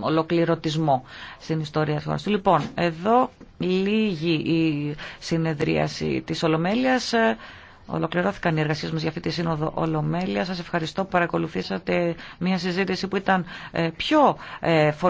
ολοκληρωτισμό στην ιστορία της χώρας του. Λοιπόν, εδώ λίγη η συνεδρίαση της Ολομέλειας. Ε, ολοκληρώθηκαν οι εργασίες μας για αυτή τη Σύνοδο Ολομέλεια. Σας ευχαριστώ που παρακολουθήσατε μια συζήτηση που ήταν ε, πιο ε,